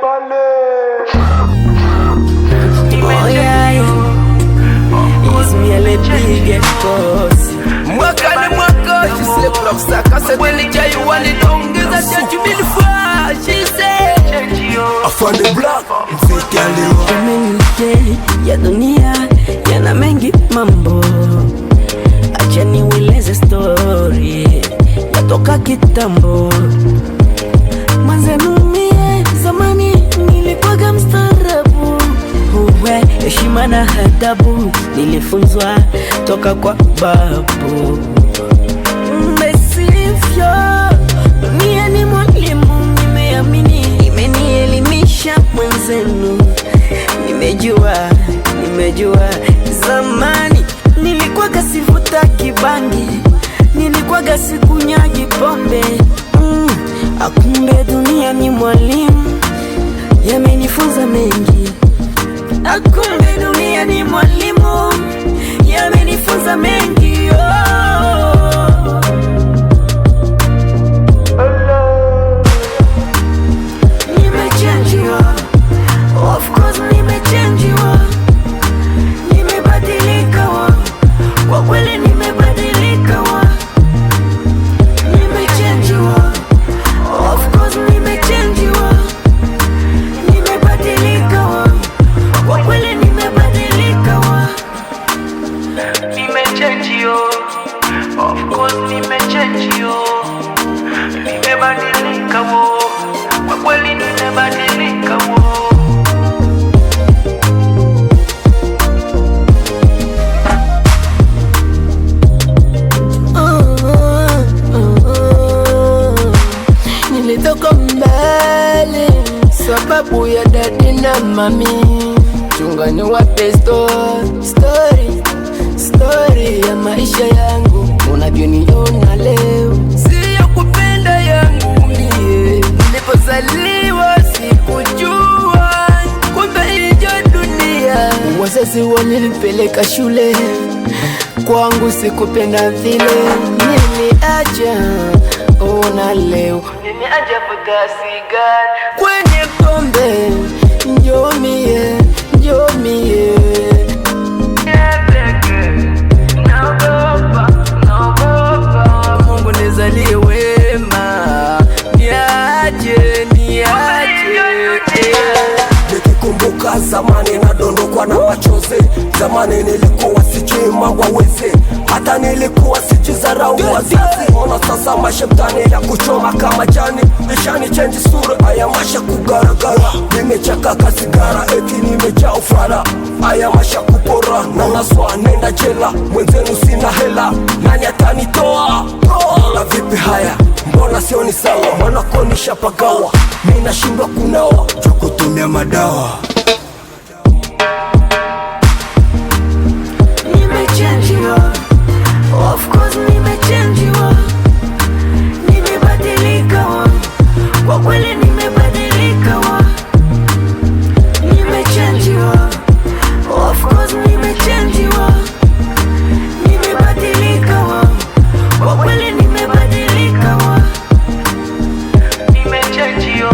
she say I said when the guy you want it you the She I found the block, girl you ya dunia yana mengi mambo, acha niweleze story yatoka kitambo. hekima na adabu nilifunzwa toka kwa babu. Mesivyo dunia ni mwalimu, nimeamini, imenielimisha mwenzenu, nimejua, nimejua. Zamani nilikwaga sivuta kibangi, nilikwaga sikunyagi pombe mm. Akumbe dunia ni mwalimu, yamenifunza mengi akumbe dunia ni mwalimu, yamenifunza mengi oh. kweli nimebadilika mbali sababu ya dadi na mami, chungani wa pesto story, story ya maisha yangu unavyoniona wazazi walinipeleka shule, kwangu sikupenda vile. Nimeacha ona leo nimeacha kwenye pombe zamani nadondokwa na machozi, zamani nilikuwa sichima waweze, hata nilikuwa sichizarau wazazi. Ona sasa mashemtani ya kuchoma kama jani, ishani chenji sura aya masha kugaragara, nimechakaka sigara eti nimejaa ufara, aya masha kupora na naswa nenda jela, mwenzenu sina hela, nani atanitoa na vipi? Haya, mbona sioni sawa? Mwanako nishapagawa, minashindwa kunawa, jakutumia madawa you.